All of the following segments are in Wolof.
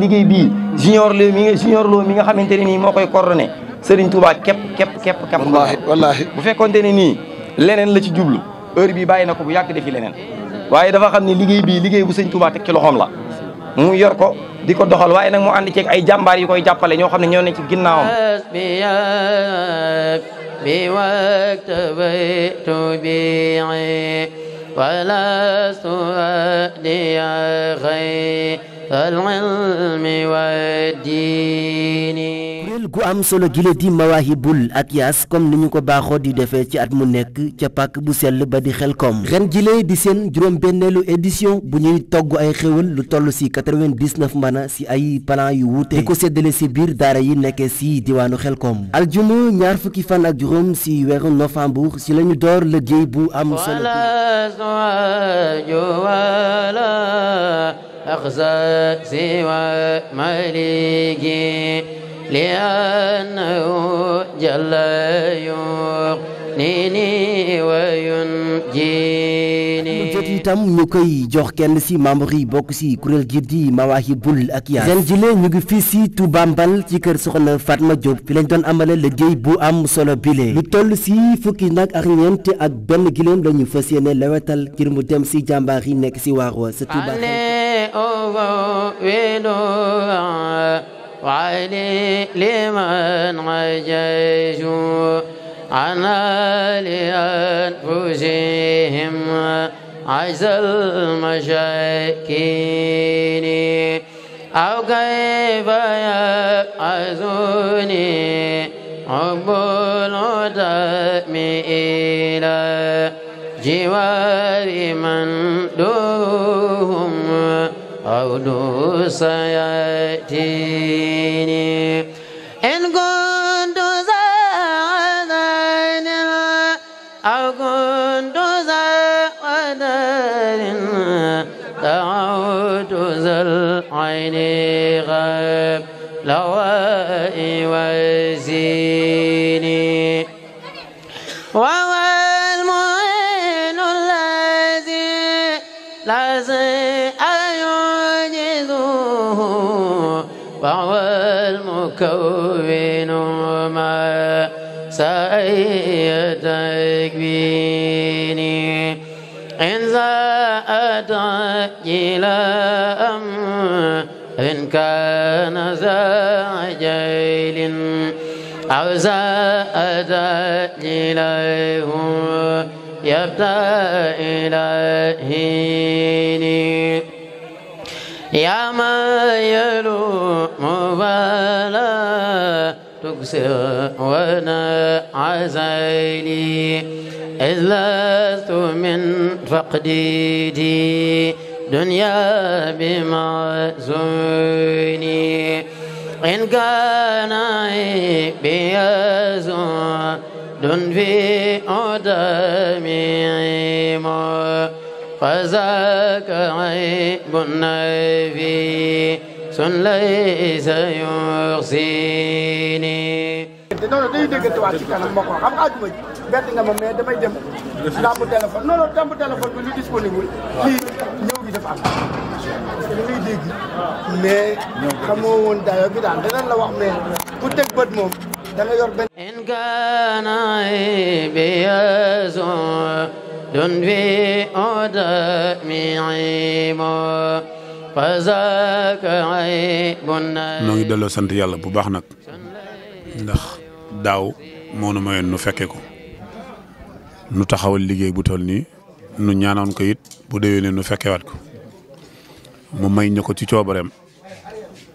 liggéey bii junior loo mi nga junior loo mi nga xamante ne nii moo koy coordonné Serigne Touba képp képp képp képp wallaahi wallaahi bu fekkonte ne nii leneen la ci jublu heure bii bàyyi na ko bu yàgg defi leneen waaye dafa xam ni liggéey bii liggéey bu Serigne Touba teg loxoom la mu yor ko di ko doxal waaye nag mu ànd ceeg ay jàmbaar yu koy jàppale ñoo xam ne ñoo ne ci ginnaawam بوقت بيت بيعي ولست أدي غير alilmi wa gu am solo gile di mawaahibul akyaas comme ni ñu ko baaxoo di defee ci at mu nekk ca pàkk bu sell ba di xel koom ren gile di seen juróom-benneelu édition bu ñuy togg ay xéwal lu toll si 99 mbana si ay plan yu wuute di ko séddale si biir daara yi nekkee si diwaanu xel koom aljuma ñaar fukki fan ak juróom si weeru novembre si lañu door la géey bu am solo أخزى سوى مليكي لأنه جل يغنيني وينجي itam ñu koy jox kenn si membre yi bokk si kuréel gi di Mawahibul ak yaa ren jile ñu ngi fii si Touba Mbal ci kër Soxna Fatma Diop fi lañ doon amale liggéey bu am solo bile lu toll si fukki nag ak ñeent ak benn giléem la ñu fas yéene lawetal ngir mu dem si jàmbaar yi nekk si wa sa Touba وعلي لمن عجيت عن لأنفسهم عز المشاكين أو كيف يأخذني حب العتم إلى جوار من دوهم أو دو سيأتيني إن كنت لوائي وزيني وهو المعين الذي لا شيء يعجزه وهو المكون ما سيدك بيني إن زادت إلى إن كان ذا عجل أو ذا أدل له يبدأ إلهين يا ما يلوم فلا تكسر ونا عزيلي إذ لست من فقدي دنيا بمعزوني إن كان بيزون في أدمي فذاك عيب في سن ليس يحصيني déggante non non dañuy déggante waat ci kanam ma ko xam nga àjjuma ji bett nga ma mais damay dem làmb téléphone non non làmb téléphone bi lu disponible lii ñëw gi dafa am parce que da ngay dégg mais xamoo woon dayo bi daal danañ la wax mais ku teg bët moom da nga yor benn in kana e biyazo don fi oda mimo e noo ngi delloo sant yàlla bu baax nag ndax daaw moo nu mayoon nu fekke ko nu taxawal liggéey bu toll nii nu ñaanoon ko it bu déwénee nu fekkewaat ko mu may ñu ko ci coobareem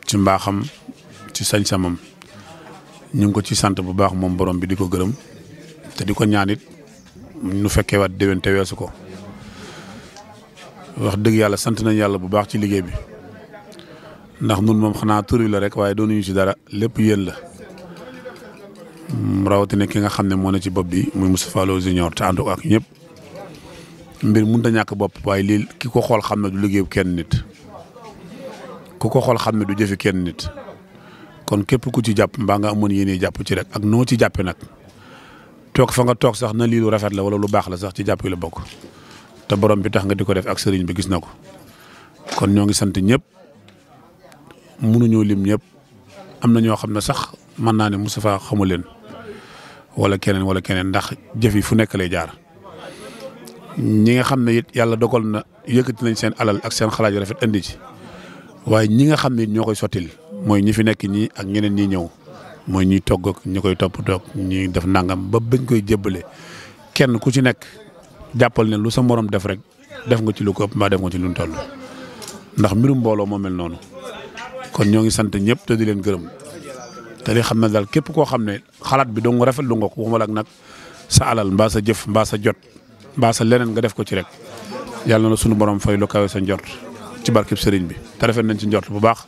ci mbaaxam ci sañ-samam ñu ngi ko ci sant bu baax moom boroom bi di ko gërëm te di ko ñaanit nu fekkewaat déwén te weesu ko wax dëgg yàlla sant nañ yàlla bu baax ci liggéey bi ndax nun moom xanaa tur wi la rek waaye doonuñu ci dara lépp yéen la Mm, rawatina ki nga xam ne moo ne ci bopp bi muy Moustapha Lo Junior te ànd ak ñëpp mbir mun a ñàkk bopp waaye lii ki ko xool xam ne du liggéeyu kenn nit ku ko xool xam ne du jëfi kenn nit kon képp ku ci jàpp mbaa nga amoon yéene jàpp ci rek ak noo ci jàppee nag toog fa nga toog sax na lii lu rafet la wala lu baax la sax ci jàppee la bokk te borom bi tax nga di ko def ak sëriñ bi gis na ko kon ñoo ngi sant ñëpp mënuñoo lim ñépp am na ñoo xam ne sax. mën naa ne Moustapha xamu leen wala keneen wala keneen ndax jëf yi fu nekk lay jaar ñi nga xam ne it yàlla dogal na yëkkati nañ seen alal ak seen xalaat rafet indi ci waaye ñi nga xam ne ñoo koy sottil mooy ñi fi nekk ñii ak ñeneen ñi ñëw mooy ñuy togg ñu koy topp toog ñi def nangam ba bañ koy jébbale kenn ku ci nekk jàppal ne lu sa morom def rek def nga ci lu ko ëpp mbaa def nga ci lu mu toll ndax mbirum mbooloo moo mel noonu kon ñoo ngi sant ñëpp te di leen gërëm. te di xam na daal képp koo xam ne xalaat bi dong rafet lu nga ko waxuma la nag sa alal mbaa sa jëf mbaa sa jot mbaa sa leneen nga def ko ci rek yàlla na sunu borom fay lu kawe sa njort ci barkeb sëriñ bi te rafet nañ ci njort bu baax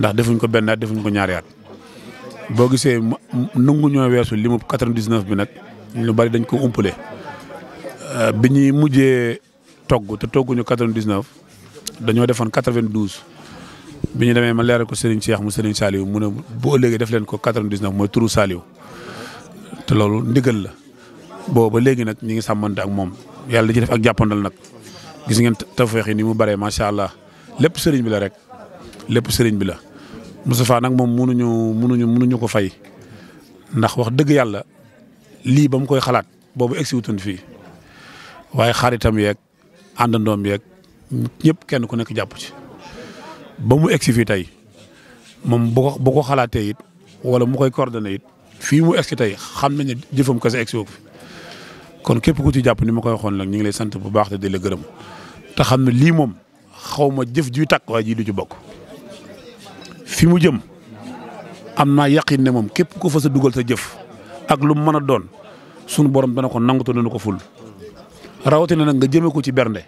ndax defuñ ko benn at defuñ ko ñaari at boo gisee nungu ñoo weesu limu 99 bi nag lu bari dañ ko umpale euh, bi ñuy mujjee togg te togguñu 99 dañoo defoon 92 bi ñu demee ma leeral ko Serigne Cheikh mu Serigne Saliou mu ne boo léegi def leen ko 99 mooy turu Saliou te loolu ndigal la boobu ba léegi nag ñu ngi sàmmante ak moom yàlla da ci def ak jàppandal nag gis ngeen tawfeex yi ni mu bare macha allah lépp Serigne bi la rek lépp Serigne bi la. Moustapha nag moom mënuñu mënuñu mënuñu ko fay ndax wax dëgg yàlla lii ba mu koy xalaat boobu egsi wutoon fii waaye xaritam yeeg àndandoom yeeg ñëpp kenn ku nekk jàpp ci. ba mu egsi fii tey moom boo ko bu ko xalaatee it wala mu koy coordonné it fii mu si tey xam nañ ne jëfam kese egsi woo fi kon képp ku ci jàpp ni ma koy waxoon nag ñu ngi lay sant bu baax te di la gërëm te xam ne lii moom xaw ma jëf juy takk waaye jii du ci bokk fi mu jëm am naa yaqin ne moom képp ku fa dugal sa jëf ak lu mu mën a doon sunu borom dana ko nangu te dana ko ful rawatina nag nga jëmee ko ci bernde.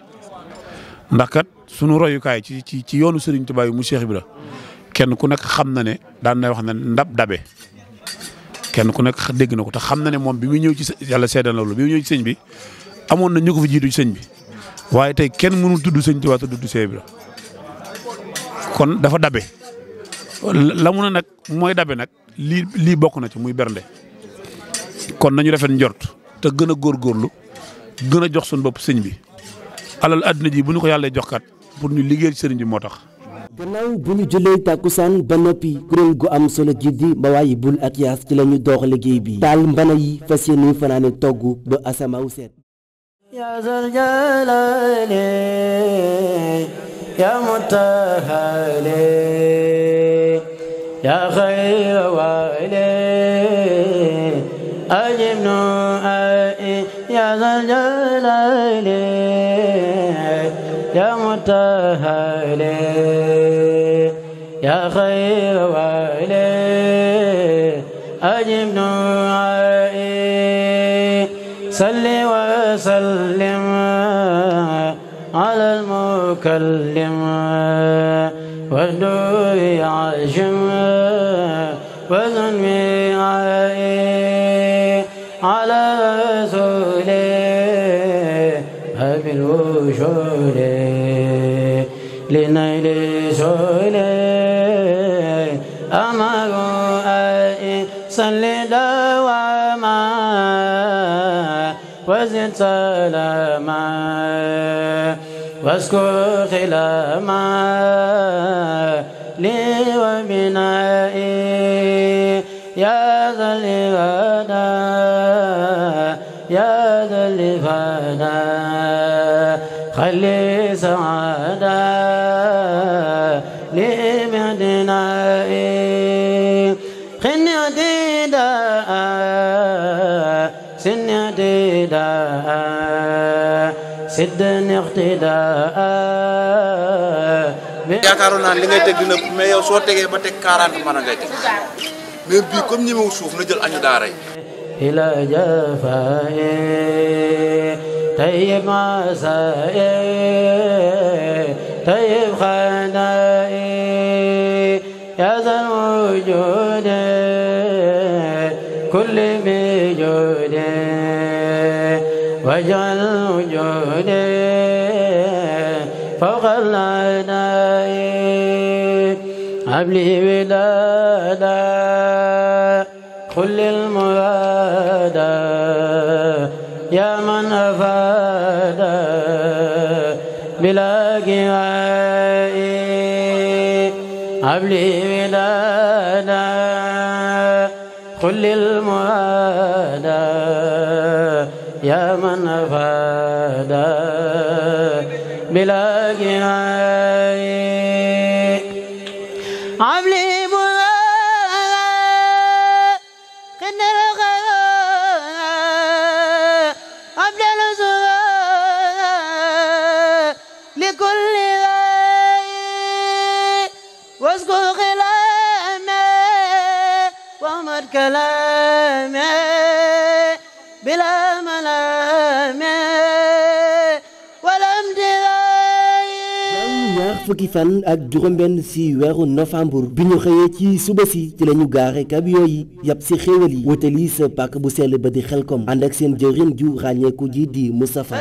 ndax kat sunu royukaay ci ci ci yoonu sëriñ Touba yi mu Cheikh Ibra kenn ku nekk xam na ne daan na wax ne ndab dabe kenn ku nekk dégg na ko te xam na ne moom bi muy ñëw ci yàlla seedal loolu bi mu ñëw ci sëñ bi amoon na ñu ko fi jiitu ci sëñ bi waaye tey kenn mënul tudd sëñ Touba te tudd Cheikh Ibra kon dafa dabe la mu nag mooy dabe nag lii lii bokk na ci muy bernde kon nañu rafet njort te gën a góorgóorlu gën a jox suñu bopp sëñ bi. alal àdduna ji bu ñu ko yàlla jox kat pour ñu liggéeyal sëriñ bi moo tax. gannaaw bu ñu jullee tàkkusaan ba noppi kuréel gu am solo ji di Mawahibou Akyas ci la ñu liggéey bi taal mbana yi fas yéene fanaane togg ba asamaaw seet. yaa zal jalaali yaa mutahali yaa xayra waali ajib nu ay yaa zal المبتهل يا خير والي أجب نوعي صل وسلم على المكلم والدوي عجم وزن على رسوله أبي الوجود لنيل سولي أمر أي صلي دواما وزد سلاما واذكر خلاما لي وبنائي يا ذا الغدا يا ذا الفدا خلي سعادة اقتداء سدني اقتداء yaakaaroon naa li ngay teg dina mais yow soo tegee ba teg 40 mën a ngay teg mais bii comme ñi ma suuf na jël añu daara yi ila jafaa tayyib masaa tayyib xanaa yaa zal wujud kulli واجعل وجودي فوق العناء عبلي ولادا قل المرادا يا من أفادا بلا قراء عبلي ولادا قل المرادا يا من أفاد بلا جنايه ñaar fukki fan ak juróom-benn si weeru novembre bi ñu xëyee ci suba si ci la ñu gaare camion yàpp si xéewal yi wutali sa pàkk bu sell ba di Xelkom ànd ak seen jëwrin ju ràññeeku ji di Moustapha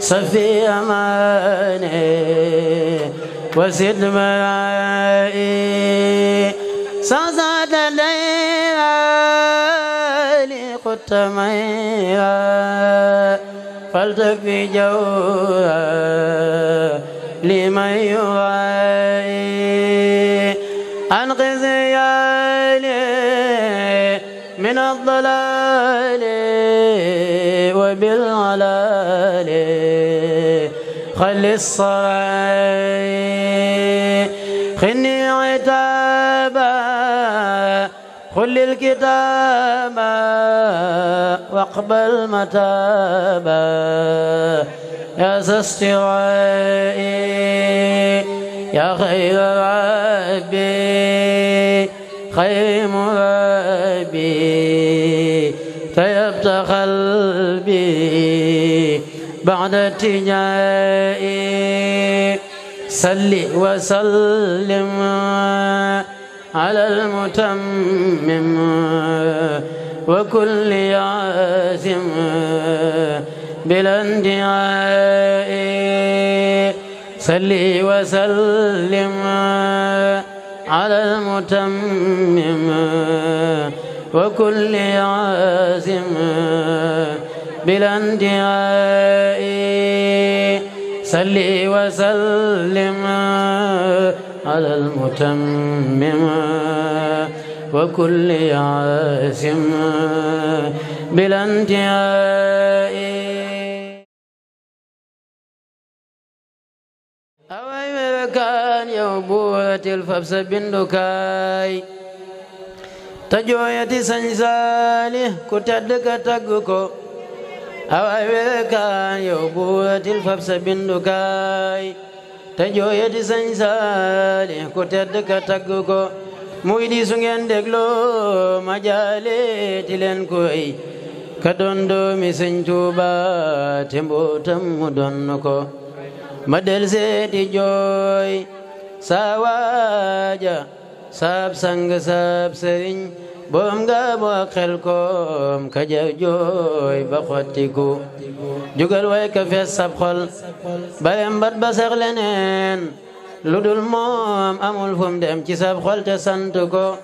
safi amaane wasit تميها فلتكفي جوها لمن يغاي أنقذ يالي من الضلال وبالعلال خلي الصلاة خني عتاب xulil kitaaba waqbal mataaba yaa sastiwaayi yaa xayra rabbi xaymu rabbi tayabta qalbi ba'da tijaayi salli wa sallim على المتمم وكل عازم بلا اندعاء صلي وسلم على المتمم وكل عازم بلا اندعاء صلي وسلم على المتمم وكل عاسم بلا انتهاء أوي مكان يوبوة الفبس بندكاي تجوية سنسالي كتدك تقكو أوي مكان يوبوة الفبس بندكاي te jooyeti sëñ saali ku tedd ka tagg ko muy di su ngeen dégloo ma jaaleeti leen koy ka doon doomi sëñ Tuuba te mbootam mu doon ko ma del seeti jooy saa waaja saab sang saab sëriñ boom nga boo xel koom ka jaw jooy ba xottiku jugal way fees sab xol barem bat ba sax leneen lu dul moom amul fum dem ci sab xol te sant ko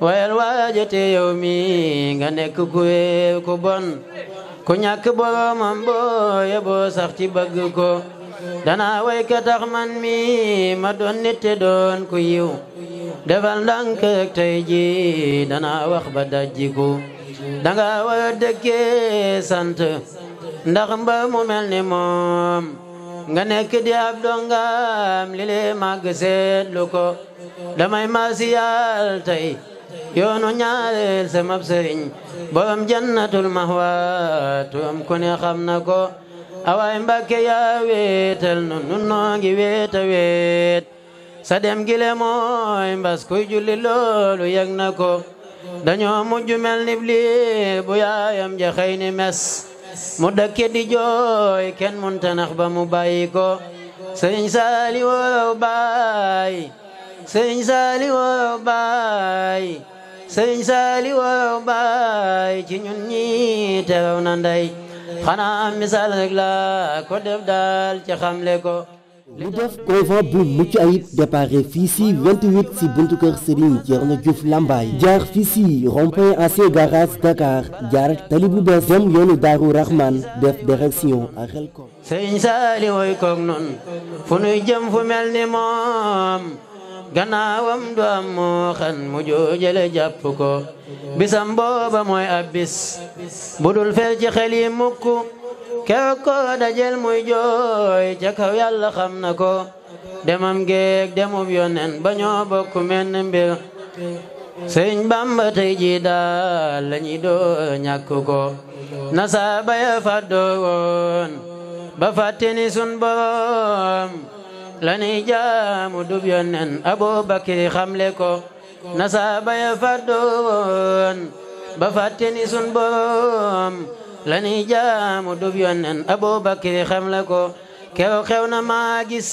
wayal waajate yow mi nga nekk ku ku bon ku ñàkk boroomam boo yeboo sax ci bëgg ko danaa way ka tax man mi ma doon nit te doon ku yiw defal ndànk ak tey ji danaa wax ba dajjiku danga war a sant ndax mba mu mel ni moom nga nekk di ab dongam li lee màgg seetlu ko damay maasiyal tey yoonu ñaareel sama sëriñ borom jannatul mahwa turam ku ne xam na ko awaay Mbàkke yaa wéetal nun nun ngi wéeta wéet sa dem gile mbas kuy julli loolu yëg na ko dañoo mujj mel ni lii yaayam ja mes mu dëkke di jooy kenn mun ba mu bàyyi ko sëñ saali woow baay sëñ saali woow baay sëñ ci ñun ñi teew na ndey xanaa misaal rek la ko def daal ci xamle ko mu def convoi bu mucc ayib déparé fii si 28 si buntu kër Serigne Thierno Diouf Lambaye jaar fii si rond-point ancien garage Dakar jaar tali bu bees dem yoonu Daaru Rahman def direction ak Xelkom Serigne Saliou woy koog noonu fu nuy jëm fu mel ni moom gannaawam du am moo xan mu joojale jàpp ko bisam booba mooy ab bis budul fel ci xel yi mukk keroog ko dajel muy ca kaw yàlla xam na ko demam géeg demum yonen ba ñoo bokk menn mbir bamba tey ji daal la ñuy ñàkk ko nasaaba ya fàddoo woon ba fàttini sun borom lanuy jaamu dub yonen abubakir xamle ko nasaaba ya faddoon ba fàtte ni sun borom lanuy jaamu dub yonen abubakir xamle ko keroog xew na maa gis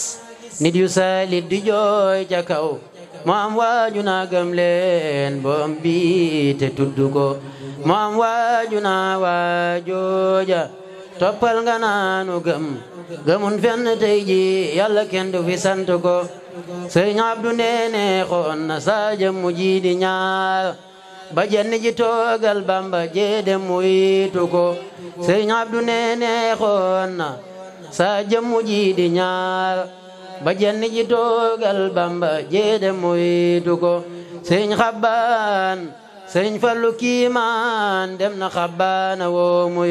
nit yu saalit di jooy ca kaw moo waaju naa gëm leen boom bi te tudd ko moo am waaju naa toppal nga naanu gëm gëmun fenn tey ji yàlla kenn du fi sant ko sëriñ Abdu neene na saaja mu ji di ñaar ba jenn ji toogal bamba jee dem mu wiitu ko sëriñ Abdu neene na saaja mu ji di ñaar ba jenn ji toogal bamba jee dem mu wiitu ko sëriñ xabbaan sëriñ Fallu kiimaan dem na xabbaana woo mu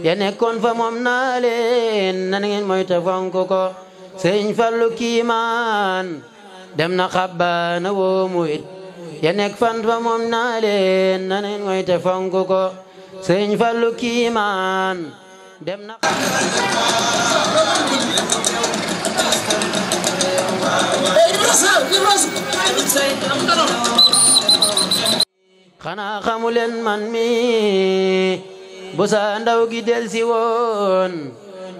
ya nekkoon fa moom naa leen nan ngeen moy ta fonk ko sëriñ Fallu kiimaan dem na xabbaana woomu it ya nekk fan fa moom naa leen nan ngeen moy ta Fallu kiimaan dem na xanaa xamu leen man mi bu sa ndaw gi del si woon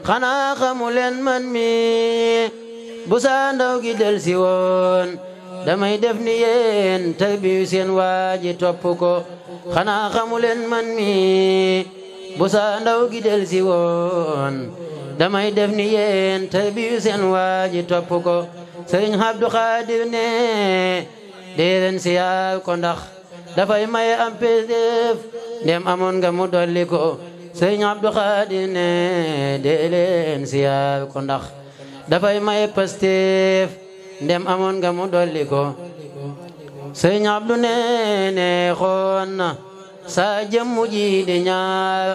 xanaa xamu leen man mi bu sa ndaw gi del si woon damay def ni yéen tey bi seen waaji topp ko xanaa xamu leen man mi bu sa ndaw gi del si woon damay def ni yéen tey bi waaji topp ko sëriñ Abdu Xaadir ne dee siyaar ko ndax dafay maye am pédéef dem amoon nga mu dolli ko sëñ Abdou Khadi ne dee leen siyaar ko ndax dafay maye Pastef ndem amoon nga mu dolli ko sëñ Abdou ne saa jëmmu ji di ñaar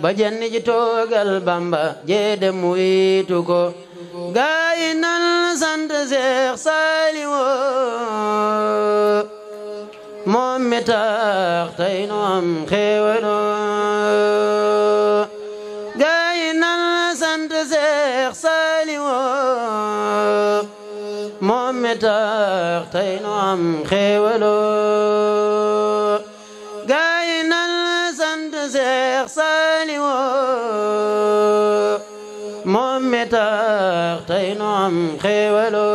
ba jenn ji toogal Bamba jee dem mu wiitu ko gaa yi nan sant moom mi tax tey am xéewalu gaay nan sant Seex Saaliwu moom tax tey am xéewalu gaay nan sant Seex Saaliwu moom tax tey am xéewalu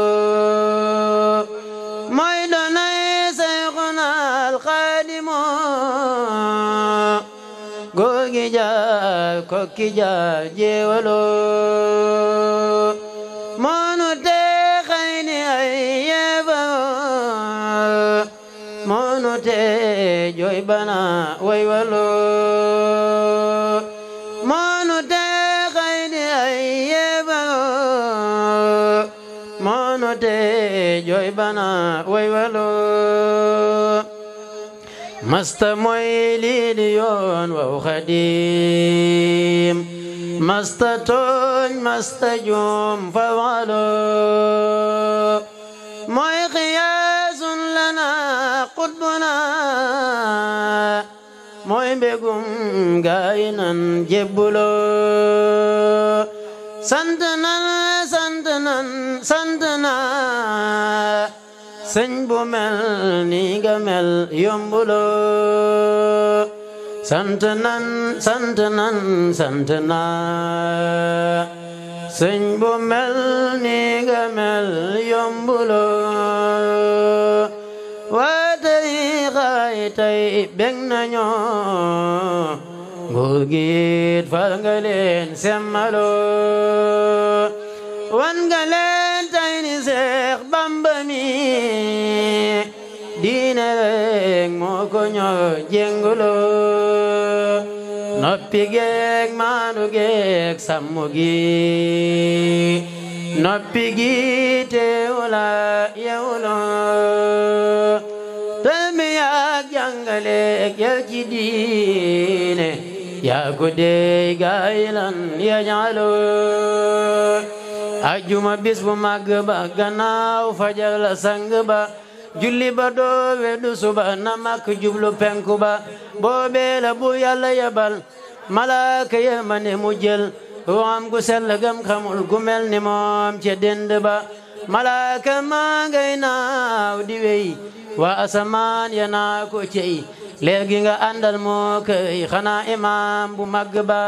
kija jeewalu moonu tee xayni ay yeefa moonu tee jooy bana way walu moonu tee xayni ay yeefa moonu tee jooy bana way walu masta mooy lii di yoon waw masta tooñ masta juum fa walo mooy xiyaasun lana qutbuna mooy mbégum gaayi nan jébbulo sant nan sëñ bu mel nii nga mel yombuloo sant nan sant nan sant naa sëñ bu mel nii nga mel yombuloo waa tey xaay nguur gi it fal leen semmaloo wan Seex Bamba mi diine moo ko ñor jéngulo noppi geek maandu geek sàmm gi noppi gi teewula yewlo tami yak jàngale ak yar ci diine yaa dey gaayilan ya ñaalo ajuma bis bu màgg ba gannaaw fajar la sang ba julli ba doo weddu suba na mak jublu penku ba boobee la bu yàlla yabal malaaka ya ma ne mu jël gu sell gam xamul gu ni moom ca dend ba malaaka maa ngay naaw di wey waa asamaan ya naa ko cey leer nga àndal moo këy xanaa imaam bu màgg ba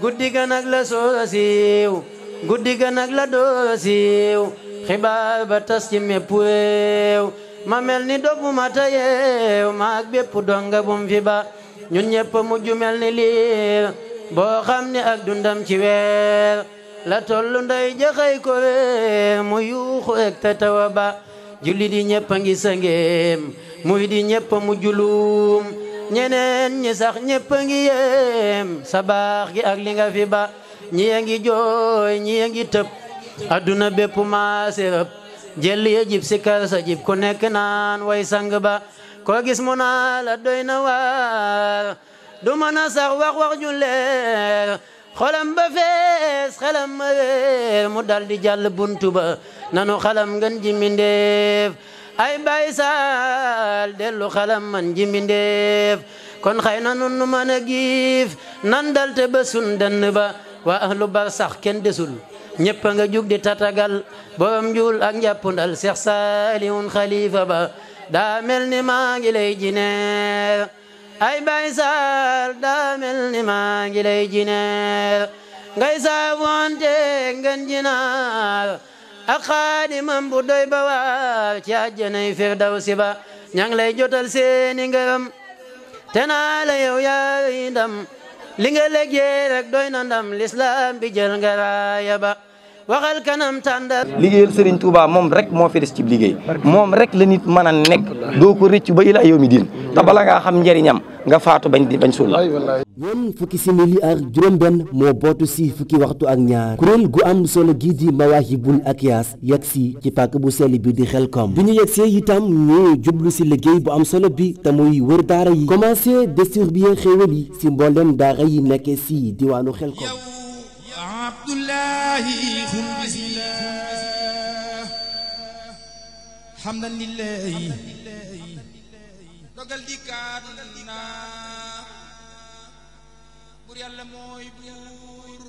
guddi ga la soo siiw guddi ga nag la doosiw xibaar ba tas ci mépp réew ma mel ni doguma ta yeew maag bépp donga bum fi ba ñun ñëpp mujj mel ni liir boo xam ni ak dundam ci weer la tollu nday jaxay ko mu yuuxu ek ta ba julli di ñëpp a ngi sangeem muy di ñëpp mu juluum ñeneen ñi sax ñëpp a ngi yeem sa gi ak li fi ba ñi a ngi jooy ñi a ngi tëb adduna bépp maase rëb jël ya jib si kar jib ku nekk naan way sang ba koo gis mu naa la doy na waar du mën a sax wax wax ju leer xolam ba fees xelam ma réer mu dal di jàll buntu ba nanu xalam ngën ji mbindeef ay bay saal dellu xalam man ji mbindeef kon xëy na nun nu mën a giif nan dal te ba sun dënn ba waa ahlu barsax kenn desul ñëpp nga jug di tatagal borom njuul ak njàppundal Seex Saaliwun xalifa ba daa mel ni maa ngi lay jineer ay bay saal daa ni maa ngi lay jineer ngay saafonte ngeen jinaar ak xaadimam bu doy ba waar ci àjjanay firdawsi ba ña ngi lay jotal seeni ngërëm te naa la yow ndam li nga liggéey rek doy na ndam lislaam bi jël nga raaya ba waxal kanam tàndar liggéeyal Serigne Touba moom rek moo fi des ci liggéey moom rek la nit mën a nekk doo ko rëccu ba ilaa yawmi diin te bala ngaa xam njariñam nga faatu bañ di bañ suul la ñoom fukki simili ak juróom-benn moo bootu si fukki waxtu ak ñaar kuréel gu am solo gii di Mawahibul Akyas yegg si ci pàkk bu sell bi di xel Xelkom bi ñu yegg see itam ñu jublu si liggéey bu am solo bi te muy wër daara yi commencé distribuer xéewal yi si mboolem daara yi nekkee si diwaanu Xelkom abdullahi xun bisila xamdan lillahi dogal dikkaat na bur yàlla mooy buur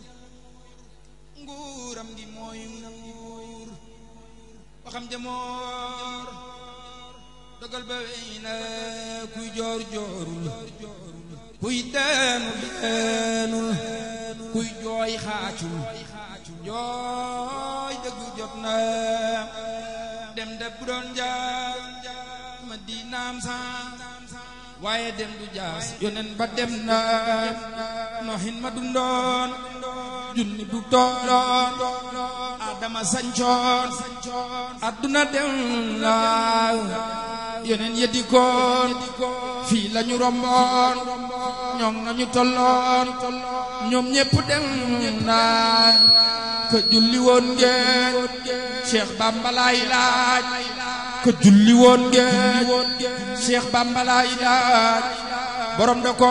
nguuram di mooy nguur waxam jamoor dogal ba wey na kuy joor joorul kuy daanu daanul kuy jooy xaacul jooy dëggu jot na dem de bu doon jaar di naam sans waaye dem du jaas yonen ba dem na noxin ma dundoon junni bu tooloon adama sancoon adduna dem la yeneen yedikoon fii la romboon ñoom nañu tolloon ñoom ñépp dem na ko julli woon ngeen laaj ko julli woon ngeen Cheikh laaj borom da ko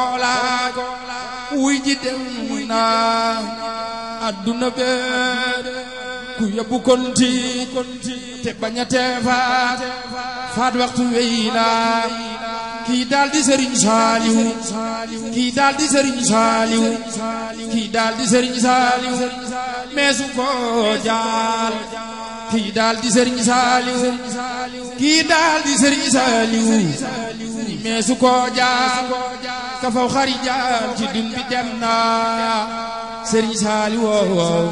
wuy ji dem naa a tee faat faat waxtu wey kii daal di Serigne Saliou di Serigne Saliou kii daal di Serigne meesu ko ka faw xarijaal ci dun bi dem naa sëriñ saali woow woow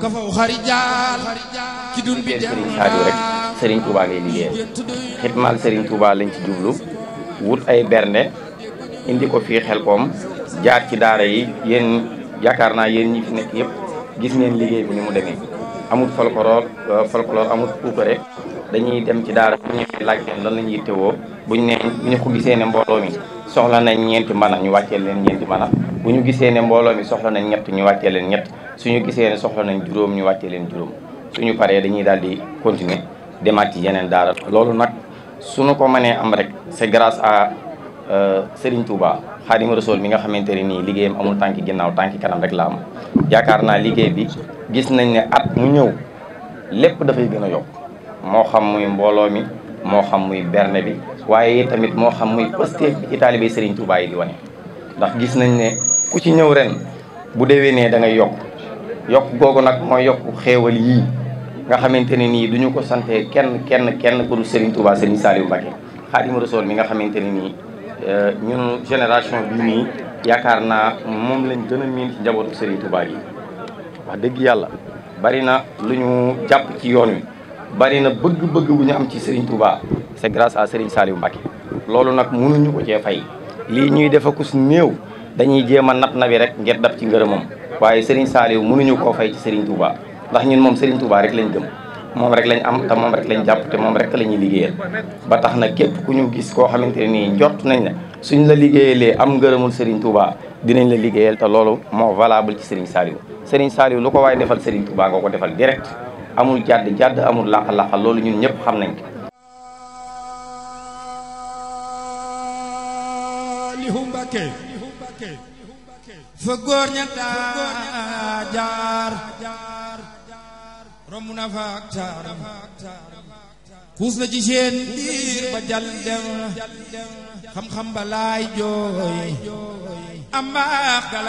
ka faw xarijaal ci dun sëriñ saali ngay liggéeyal xidmaal sëriñ Touba lañ ci jublu wut ay bernde indi ko xel Xelkom jaar ci daara yi yéen yaakaar naa yéen ñi fi nekk yëpp gis ngeen liggéey bi nu mu demee amul folklore euh, folklore amul puukare dañuy dem ci daara bu ñu laaj leen lan la ñuy buñ ne bu ñu ko ne mbooloo mi soxla nañ ñeenti mën a ñu wàccee leen ñeenti mën a bu ñu gisee ne mbooloo mi soxla nañ ñett ñu wàccee leen ñett suñu gisee ne soxla nañ juróom ñu wàccee leen juróom suñu paree dañuy daal di continuer demaat ci yeneen daara loolu nag su suñu ko mënee am rek c'est grâce à euh, Serigne Touba Xaadimu Rasuul mi nga xamante ne nii liggéeyam amul tànki ginnaaw tànki kanam rek la am yaakaar naa liggéey bi gis nañ ne at mu ñëw lépp dafay gën a yokk moo xam muy mbooloo mi moo xam muy berne bi waaye tamit moo xam muy pasteef bi ci taalibe Serigne Touba yi di wane ndax gis nañ ne ku ci ñëw ren bu déwénee ne dangay yokk yokk googu nag mooy yokk xéewal yii nga xamante ne nii duñu ko sante kenn kenn kenn ku du Serigne Touba Serigne Saliou Mbacké Xaadimu Rasuul mi nga xamante ne nii euh, ñun génération bii nii yaakaar naa moom lañ gën a miin ci njabootu Serigne Touba yi wax dëgg yàlla bari na lu ñu jàpp ci yoon wi bari na bëgg-bëgg bu ñu am ci Serigne Touba c'est grâce à Serigne Saliou Mbacké loolu nag mënuñu ko cee fay lii ñuy def ak us néew dañuy jéem a nat na bi rek ngir dab ci ngërëmam waaye Serigne Saliou mënuñu koo fay ci Serigne Touba ndax ñun moom Serigne Touba rek lañ gëm moom rek lañ am te moom rek lañ jàpp te moom rek la ñuy liggéeyal ba tax na képp ku ñu gis koo xamante ne nii njort nañ ne suñ la liggéeyalee am ngërëmul Serigne Touba dinañ la liggéeyal te loolu moo valable ci Serigne Saliou Serigne Saliou lu ko waaye defal Serigne Touba nga ko defal direct amul jàdd jàdd amul làq-làq loolu ñu ñëpp xam nañ ko. fa góor ña daa romb na fa ak taaram na ci seen ba jal dem xam-xam ba jooy am baax ga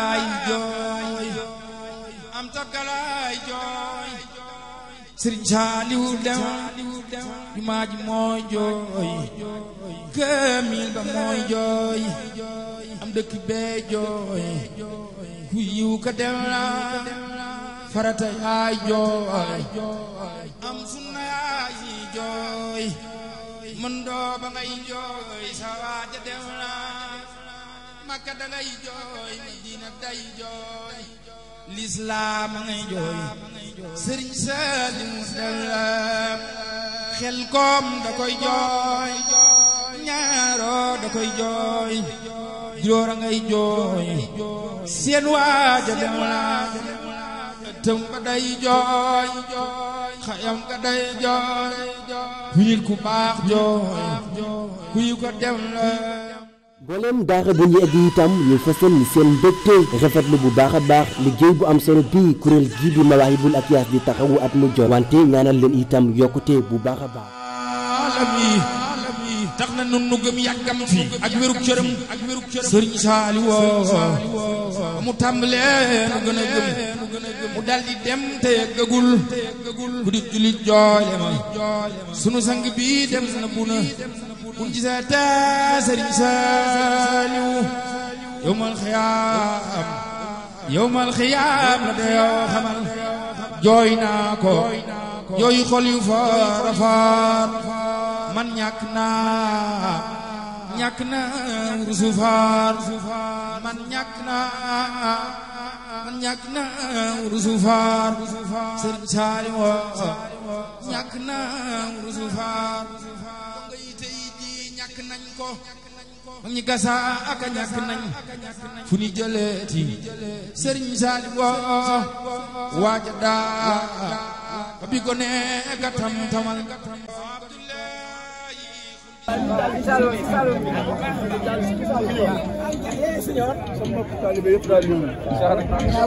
jooy am tag ga jooy sëriñ saaliwu dem jumaa ji mooy jooy kaamil ba mooy jooy am dëkk bee jooy ku yiw ka dem la farata yaay jooy am sunna yaay jooy mën doo ba ngay jooy sa waaja dem la makka da ngay jooy madina day jooy lislaam a ngay jooy sëriñ Saalimu Dalam xel koom da koy jooy ñaaroo da koy jooy juróor a ngay jooy seen waaja dem laa tëm ba day jooy xayam ga day jooy fu ñit ku baax jooy kuy ko dem la mbooleem daara ba ñu egg itam ñu fësal seen mbégte rafetlu bu baax a baax liggéey bu am solo bii kuréel gii di Mawahibou Akyas di taxawu at mu jot wante ñaanal leen itam yokkute bu baax a baax tax na nun nu gëm yàggam fi ak wérug cërëm ak wérug cërëm sëriñ saali woo mu tàmbalee nu gën a gëm mu daldi dem te yëggagul di jullit joole ma sunu sang bi dem na bu na buñ gisee te sëriñ saaliw yowmal xiyaam yowmal xiyaam la deyoo xamal jooy naa ko jooyu xol yu faar faar man ñàkk naa ñàkk naa rusufaar man ñàkk naa man ñàkk naa rusufaar sëriñ saali woo ñàkk naa rusufaar nga yite yi di ñàkk nañ ko mag ñi gasa aka ñàkk nañ fu ñu jëleeti sëriñ saali woo waaja daa ba nee ka tam tamal señor sama mbokk taalibe yëpp daal ñëw na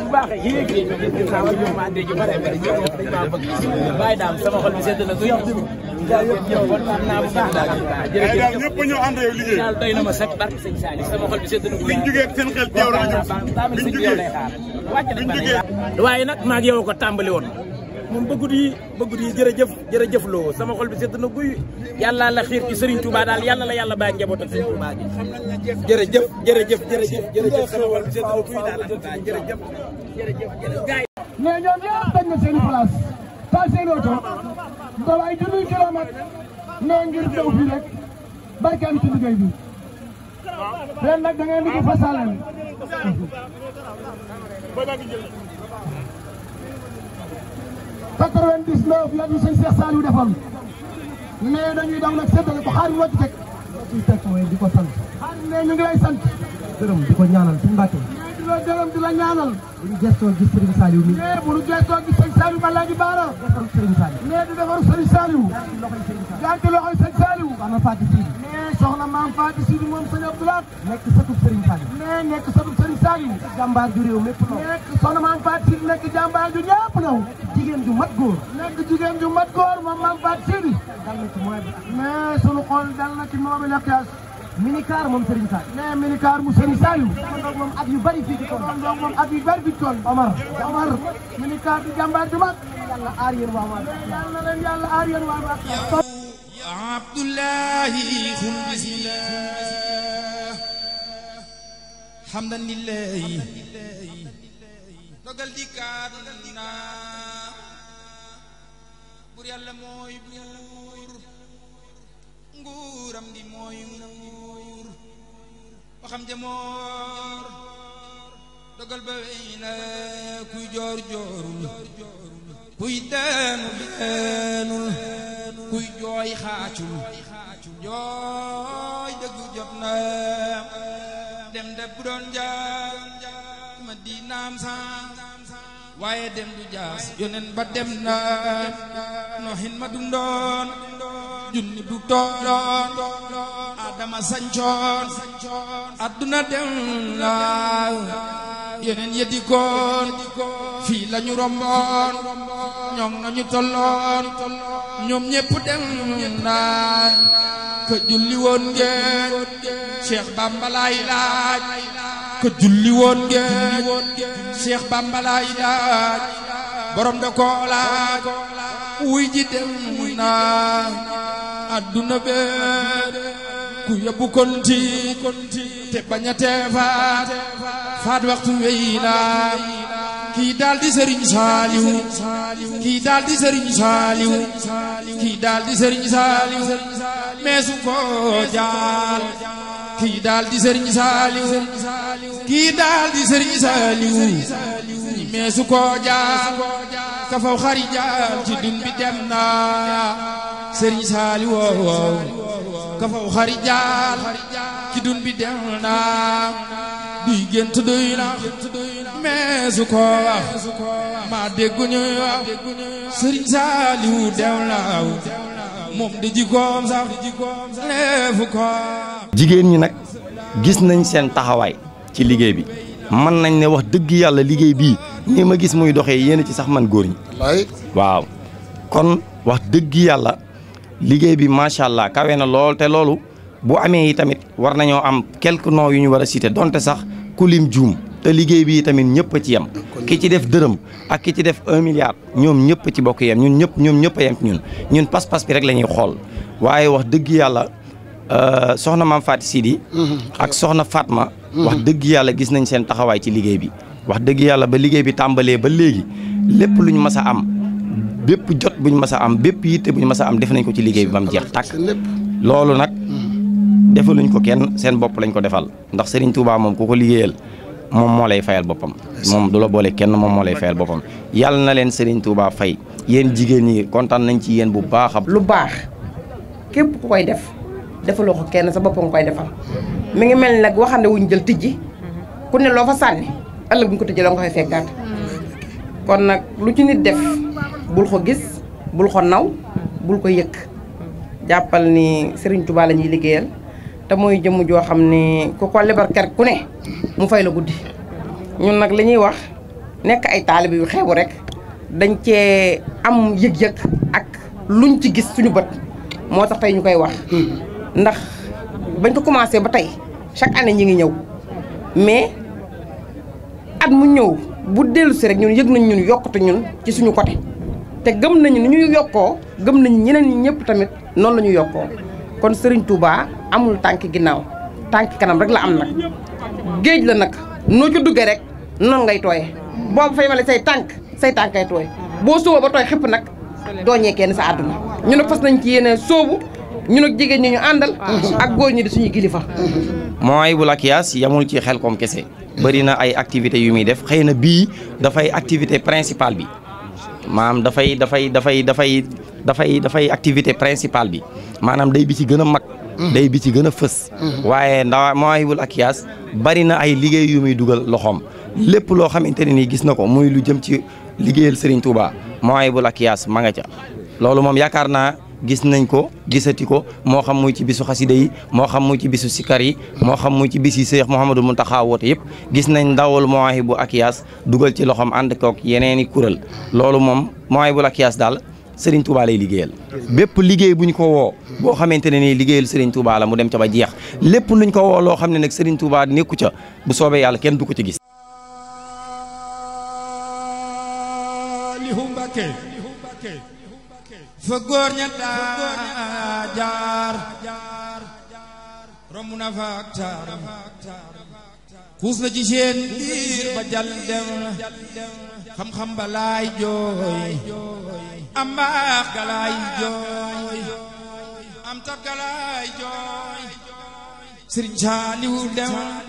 bu baax yéegi naa ma ñëw ma ande ji bare bare ñëw dañ maa bëgg bàyyi daam sama xol bi sedd na guy ñëw kontaan naa bu baax daal jërëjëf daal ñëpp ñëw ànd yow liggéey daal doy na ma sax barke sëñ Sali sama xol bi sedd na guy biñ jógee seen xel teew la ñu biñ jógee wàcc na waaye nag maag yow ko tàmbali woon moom bëggut yi bëggut yi jërëjëf jërëjëf loo sama xol bi sedd na guy yàlla la xiir ci Serigne Touba daal yàlla la yàlla bàyyi njaboot ak Serigne Touba gi jërëjëf jërëjëf jërëjëf jërëjëf sama xol bi sedd na guy daal jërëjëf jërëjëf jërëjëf mais ñoom ñëpp dañ na seen place pas seen oto daw ay junniy kilomètre mais ngir daw fii rek barkeem ci liggéey bi ren nag da ngeen di ko fasalal 99 yan ñu sëñ Cheikh Saliou defoon mais dañuy daw nag séddale ko xaar moo ci teg. ci teg mooy di ko sant. xaar ne ñu ngi lay sant. gërëm di ko ñaanal suñu mbàkke. mais di la la ñaanal. bu ñu gëstoo gis Serigne Saliou mi. mais bu ñu gëstoo gis sëñ Saliou balaa ñu di defar Serigne jaante loxoy sëñ Saliou. soxna Fatou Sidi. nee soxna maam Fatou Sidi moom sëñ Abdoulaye. nekk sëtub Serigne Saliou. nee nekk sëtub Serigne Saliou. jàmbaar ju réew mépp naw. nekk soxna maam Fatou Sidi nekk jàmbaar ju ñëpp naw. jigéen ju mat góor. nekk jigéen ju mat góor moom maam Fatou Sidi. dal na ci mooy bi. nee sunu xol dal na ci moomi la kaas. minicar moom Serigne Saliou. nee minicar mu Serigne Saliou. doon moom at yu bari fii ci tool. doon moom at yu bari fii ci tool. Omar Omar. minicar di jàmbaar ju mat. yàlla aar yéen waa Mbacké. yàlla na leen yàlla aar yéen waa Mbacké. abdullahi xul bismillah hamdan lillahi dogal di kaat na bur yàlla mooy buur nguuram di mooy nguur waxam ja moor dogal ba wey na kuy joor joorul kuy daanu daanul kuy jooy xaacul jooy dëgg jot na dem de bu doon jaam ma di naam saam waaye dem du jaas yonen ba dem na noxin ma dundoon junni bu tooroon adama sañcoon adduna dem la yeneen ya dikkoon fii lañu romboon ñoom nañu tolloon ñoom ñépp dem naay ka julli woon ngeen Cheikh laaj ka julli woon ngeen Cheikh laaj borom da koo laaj ji dem naay adduna bee ku yóbbu konti te bañ a tee faat kii daal di sëriñ saaliw di sëriñ saaliw kii di sëriñ saaliw meesu ko jaal kii daal di sëriñ kii daal di sëriñ saaliw meesu ko jaal ka faw xari jaal ci dun bi dem naa sëriñ saaliw ka faw xari bi dem naa di gént doy ko jigéen ñi nag gis nañ seen taxawaay ci liggéey bi mën nañ ne wax dëgg yàlla liggéey bi ni ma gis muy doxe yéen ci sax man góor ñi waaw kon wax dëgg yàlla liggéey bi macha allah kawe na lool te loolu bu amee yi tamit war nañoo am quelques noms yu ñu war a cité donte sax ku lim juum te liggéey bi tamit ñëpp a ci yem ki ci def dërëm ak ki ci def un milliard ñoom ñëpp ci bokk yem ñun ñëpp ñoom ñëpp a yem ci ñun ñun pas-pas bi rek la ñuy xool waaye wax dëgg yàlla euh, soxna maam Faty Sidi mm-hmm. ak soxna Fatma mm-hmm. wax dëgg yàlla gis nañ seen taxawaay ci liggéey bi wax dëgg yàlla ba liggéey bi tàmbalee ba léegi lépp lu ñu mas a am bépp jot buñ mas a am bépp yitte buñ mas a am def nañ ko ci liggéey bi ba mu jeex tàkk loolu nag mm-hmm. defaluñ ko kenn seen bopp lañ ko defal ndax Serigne Touba moom ku ko liggéeyal moom moo lay fayal boppam moom du la boole kenn moom moo lay fayal boppam yàlla na leen Serigne Touba fay yéen jigéen ñi kontaan nañ ci yéen bu baax a lu baax képp ku koy def defaloo ko kenn sa bopp koy defal mu ngi mel ni nag waxam ne wuñ jël tijji mm-hmm. ku ne loo fa sànni ëllëg bu ko la koy fekkaat mm-hmm. bul ko gis bul ko naw bul ko yëkk jàppal ni Serigne Touba la ñuy liggéeyal te mooy jëmm joo xam ne ku ko lebar ker ku ne mu fay la guddi ñun nag li ñuy wax nekk ay taalibe yu xeebu rek dañ cee am yëg-yëg ak luñ ci gis suñu bët moo tax tey ñu koy wax ndax bañ ko commencé ba tey chaque année ñi ngi ñëw mais at mu ñëw bu dellu si rek ñun yëg nañ ñun yokkute ñun ci suñu côté te gëm nañu ni ñu yokkoo gëm nañu ñeneen ñi ñëpp tamit noonu la ñu yokkoo kon Serigne Touba amul tànk ginnaaw tànk kanam rek la am nag géej la nag noo ci duggee rek noonu ngay tooyee boo fa yemale say tànk say tànkay ngay tooy boo sóoboo ba tooy xëpp nag dooñee kenn sa àdduna ñu ne fas nañ ci yéene sóobu ñu ne jigéen ñi ñu àndal ak góor ñi di suñu kilifa mooy bu Akyaas yamul ci xel Xelcom kese bëri na ay activités yu muy def xëy na bii dafay activité principale bi maanaam dafay dafay dafay dafay dafay dafay activité principale bi maanaam day bi ci gën a mag mm-hmm. day bi ci gën a fës mm-hmm. waaye ndawa Mawahibou Akyas bari na ay liggéey yu dugal loxoom lépp loo xamante ne nii gis na ko muy lu jëm ci liggéeyal Serigne Touba Mawahibou Akyas ma nga ca loolu moom yaakaar naa gis nañ ko gisati ko moo xam muy ci bisu xasida yi moo xam muy ci bisu sikar yi moo xam muy ci bis yi Seex Mouhamadou Mountakha woote yëpp gis nañ ndawal Mawahibou Akyas dugal ci loxoom ànd kook yeneen i kuréel loolu moom Mawahibou Akyas daal Serigne Touba lay liggéeyal bépp liggéey bu ñu ko woo boo xamante ne nii liggéeyal Serigne Touba la mu dem ca ba jeex lépp luñ ko woo loo xam ne nag Serigne Touba nekku ca bu soobee yàlla kenn du ko ci gis. fa góor ña daa jaar romb na fa ak taaram na ci seen biir ba jàll dem xam-xam ba laay jooy am baax ga laay jooy am tab ga laay jooy sëriñ saaliwu demal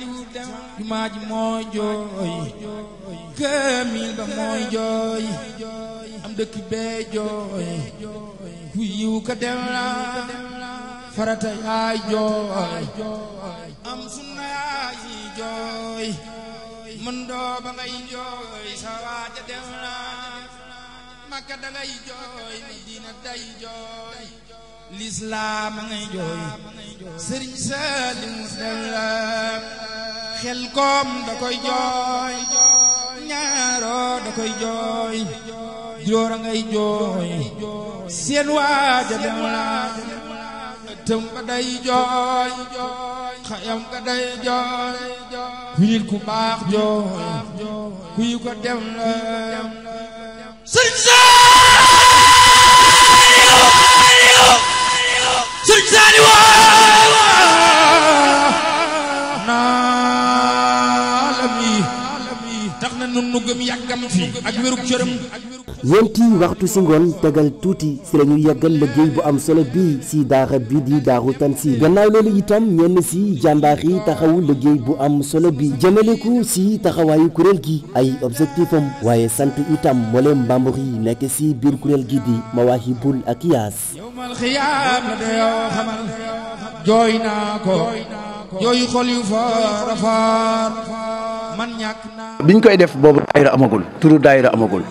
jumaa ji mooy jooy kaamil ba mooy jooy am dëkk bee jooy ku yiw ka dem la farata yaay jooy am sunna yaay jooy mën doo ba ngay jooy sa waaja dem la makka da ngay jooy madina day jooy lislaam a ngay jooy sëriñ Saalimu Dalaam xel koom da koy jooy ñaaroo da koy jooy juróor a ngay jooy seen dem la tëm ba day jooy xayam ga day jooy ku nit ku baax jooy kuy ko dem la sëriñ mu ñeenti waxtu ci ngoon tegal tuuti si la ñu yeggal bu am solo bi ci daara bi di daaru tansi gannaaw loolu itam ñenn ci jàmbaar yi taxawu liggéey bu am solo bi jëmale ci taxawaayu kuréel gi ay objectif waaye sant itam mbooleem mbàmbur yi nekk ci biir kuréel gi di Mawahibul Akyaas jooy naa ko yooyu xol yu faar a man ñàkk naa biñ koy def boobu daayira amagul turu daayira amagul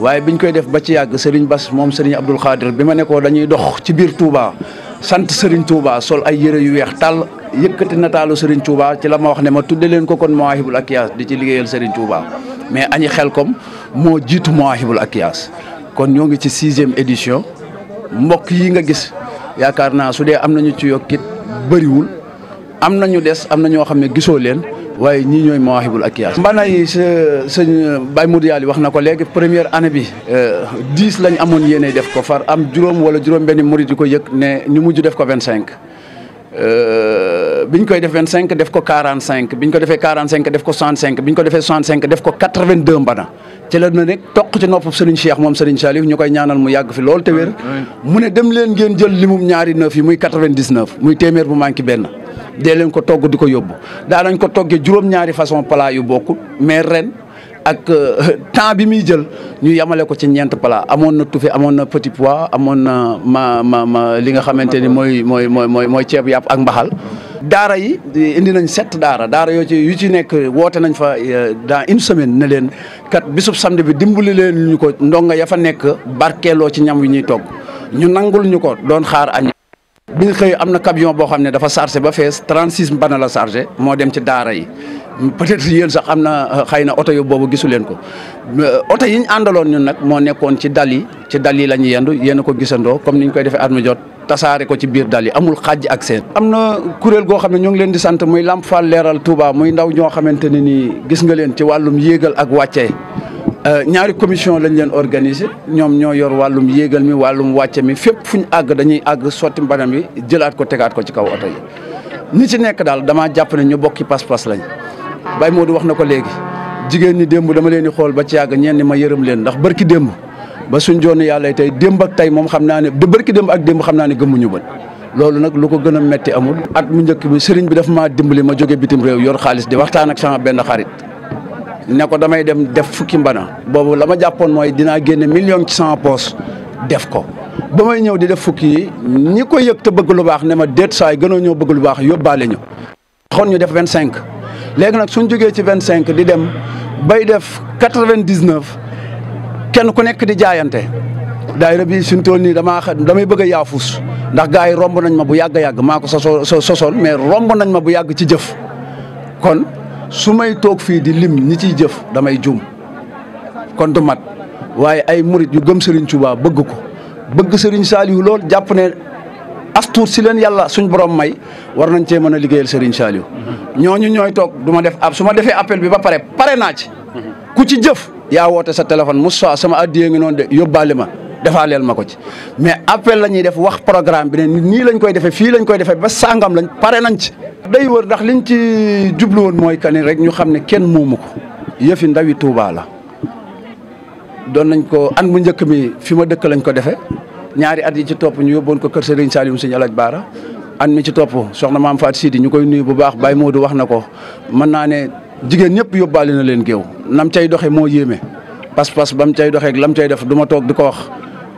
waaye biñ koy def ba ci yàgg Serigne Bass moom Serigne Abdoul Khadir bi ma ne dañuy dox ci biir Touba sant Serigne Touba sol ay yëre yu weex tàll yëkkati nataalu Serigne Touba ci la ma wax ne ma tudde leen ko kon Mawahibou Akyaas di ci liggéeyal Serigne Touba mais añi xel kom moo jiitu Mawahibou Akyaas kon ñoo ngi ci sixième édition mbokk yi nga gis yaakaar naa su dee am nañu ci yokkit bëriwul. am na ñu des am na ñoo xam ne gisoo leen waaye ñii ñooy Mawahibou Akyas mbaana yi sa sëñ Baye Modou Yali wax na ko léegi première année bi euh, dix lañ amoon yéene def ko far am juróom wala juróom benn murid ko yëg ne ñu mujj def ko vingt cinq euh, biñ koy def vingt cinq def ko quarante cinq biñ ko defee quarante cinq def ko soixante cinq biñ ko defee soixante cinq def ko quatre vingt deux mbana ci la na nekk toq ci nopp Serigne Cheikh moom Serigne Salif ñu koy ñaanal mu yàgg fi lool te wér mu ne dem leen ngeen jël limum ñaari neuf yi muy quatre vingt dix téeméer bu manqué benn dee leen ko togg di ko yóbbu daanañ ko toggee juróom-ñaari façon palaa yu bokkul mais ren ak euh, temps bi muy jël ñu yemale ko ci ñeent palaa amoon na tufe amoon na petit pois amoon na ma ma ma li nga xamante ni mooy mooy mooy mooy ceeb yàpp ak mbaxal. daara yi indi nañ sept daara daara yoo ci yu ci nekk woote nañ fa euh, dans une semaine ne leen kat bisub samedi bi dimbali leen ñu ko ndonga ya fa nekk barkeeloo ci ñam wi ñuy togg ñu nangul ñu ko doon xaar añ bi ñu xëyee am na camion boo xam ne dafa chargé ba fees 36 mbana la chargé moo dem ci daara yi peut-être yéen sax am na euh, xëy na oto yu boobu gisu leen ko euh, oto yi ñu àndaloon ñun nag moo nekkoon ci dal yi ci dal yi la ñu yendu yéen a ko gisandoo comme ni ñu koy defee at mu jot tasaare ko ci biir dal yi amul xàjj ak seen. am na kuréel goo xam ne ñu ngi leen di sant muy Lamp Fall leeral Touba muy ndaw ñoo xamante ne nii gis nga leen ci wàllum yéegal ak wàccee. Euh, ñaari commission lañ leen organiser ñoom ñoo yor wàllum yéegal mi wàllum wàcce mi fépp fu ñu àgg dañuy àgg sotti mbanam bi jëlaat ko tegaat ko ci kaw oto yi ñi ci nekk daal damaa jàpp ne ñu bokki pas-pas lañ Baye Modou wax na ko léegi jigéen ñi démb dama leen di xool ba ci yàgg ñeen ni ma yërëm leen ndax barki démb ba suñ joon yàlla tey démb ak tey moom xam naa ne de barki démb ak démb xam naa ne gëmmuñu bët loolu nag lu ko gën a metti amul at mu njëkk bi sëriñ bi daf maa dimbali ma jóge bitim réew yor xaalis di waxtaan ak sama benn xarit ne ko damay dem def fukki mbana boobu la ma jàppoon mooy dinaa génne million ci sama poos def ko ba may ñëw di def fukki yi ñi ko yëg te bëgg lu baax ne ma déet saay gënoo ñëw bëgg lu baax yóbbaale ñu taxoon ñu def vingt cinq léegi nag suñ jógee ci vingt cinq di dem bay def quatre vingt kenn ku nekk di jaayante daayira bi suñ tool nii damaa xam damay bëgg a yaafus ndax gars yi romb nañ ma bu yàgg yàgg maa ko sosoon mais romb nañ ma bu yàgg ci jëf kon su may toog fii di lim ñi ciy jëf damay juum kon du mat waaye ay murit yu gëm sëriñ Touba bëgg ko bëgg Serigne Saliou lool jàpp ne astuut si leen yàlla suñ borom may war nañ cee mën a liggéeyal Serigne Saliou ñooñu ñooy toog du ma def ab su ma defee appel bi ba pare pare naa ci ku ci jëf yaa woote sa téléphone Moussa sama addiya ngi noonu de yóbbaale ma defaa defaaleel ma ko ci mais appel la ñuy def wax programme bi ne nii lañ koy defee fii lañ koy defee ba sàngam lañ pare nañ ci. day wër ndax liñ ci jublu woon mooy que ni rek ñu xam ne kenn moomu ko yëfi ndawi Touba la doon nañ ko an bu njëkk mi fi ma dëkk lañ ko defee ñaari at yi ci topp ñu yóbboon ko kër Serigne Saliou Serigne Alaj Baara an mi ci topp soxna maam Fatou Sidi ñu koy nuyu bu baax baay moo Modou wax na ko mën naa ne jigéen ñëpp yóbbaale na leen géew nam cay doxee moo yéeme pas-pas bam cay doxee ak lam cay def du ma toog di ko wax.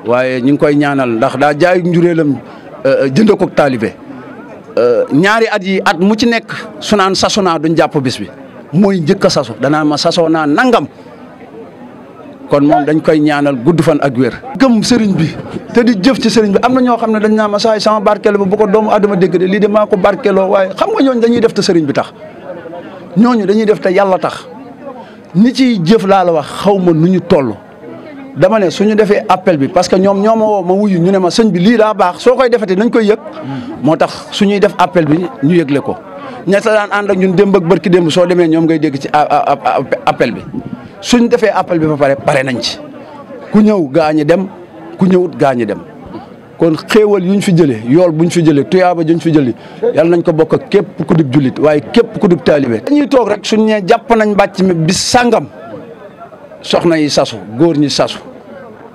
waaye ñu ngi koy ñaanal ndax daa jaay njureelam euh, euh, jënd ko taalibe euh, ñaari at yi at mu ci nekk su naan saso naa bis bi mooy njëkk a saso danaa ma saso nangam kon moom dañ koy ñaanal gudd fan ak wér. gëm sëriñ bi te di jëf ci sëriñ bi am na ñoo xam ne dañ naa ma saay sama barkeelu bu ko doomu adama dégg de lii de maa ko barkeeloo waaye xam nga ñooñ dañuy def te sëriñ bi tax ñooñu dañuy def te yàlla tax ni ci jëf laa wax xaw ma nu ñu toll. dama ne su ñu defee appel bi parce que ñoom ñoo ma woo ma wuyu ñu ne ma sañ bi lii daa baax soo koy defete nañ koy yëg moo tax su ñuy def appel bi ñu yëgle ko ña sa daan ànd ñun démb ak bërki démb soo demee ñoom ngay dégg ci appel bi suñ defee appel bi ba pare pare nañ ci ku ñëw gaa ñi dem ku ñëwut gaa ñi dem kon xéewal yuñ fi jëlee yool buñ fi jëlee tuyaaba juñ fi jëli yàlla nañ ko bokk ak képp ku dib jullit waaye képp ku dib taalibe dañuy toog rek suñ nee jàpp nañ bàcc mi bis sàngam soxna yi sasu góor ñi sasu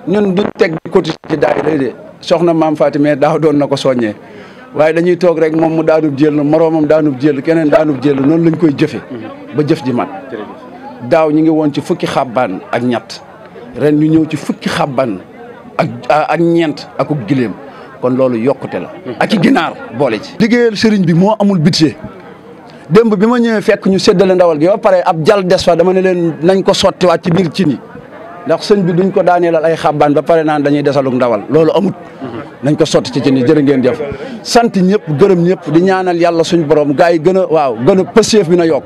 ñun du teg di cotiser ci de soxna maam Fatimee daaw doon na ko soññee waaye dañuy toog rek moom mu daanub jël na moroomam daanub jël keneen daanub jël noonu lañ koy jëfe ba jëf ji mat daaw ñu ngi woon ci fukki xàbbaan ak ñett ren ñu ñëw ci fukki xàbbaan ak ak ñeent akub giléem kon loolu yokkute la ak i ginaar boole ci liggéeyal sëriñ bi moo amul budget démb bi ma ñëwee fekk ñu séddale ndawal gi ba pare ab jal des fa dama ne leen nañ ko sotti waat ci biir cin yi ndax sëñ bi duñ ko daaneelal ay xabbaan ba pare naa dañuy desalug ndawal loolu amut nañ ko sotti ci cin yi jërë ngeen jëf sant ñëpp gërëm ñëpp di ñaanal yàlla suñ borom gars yi gën a waaw gën a pëseef bi na yokk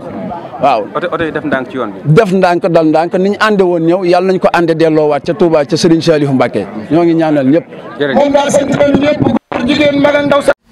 waaw oto oto def ndànk yoon def ndànk dal ndànk ni ñu ànde woon ñëw yàlla nañ ko ànde delloowaat ca Touba ca Serigne Saliou Mbacké ñoo ngi ñaanal ñëpp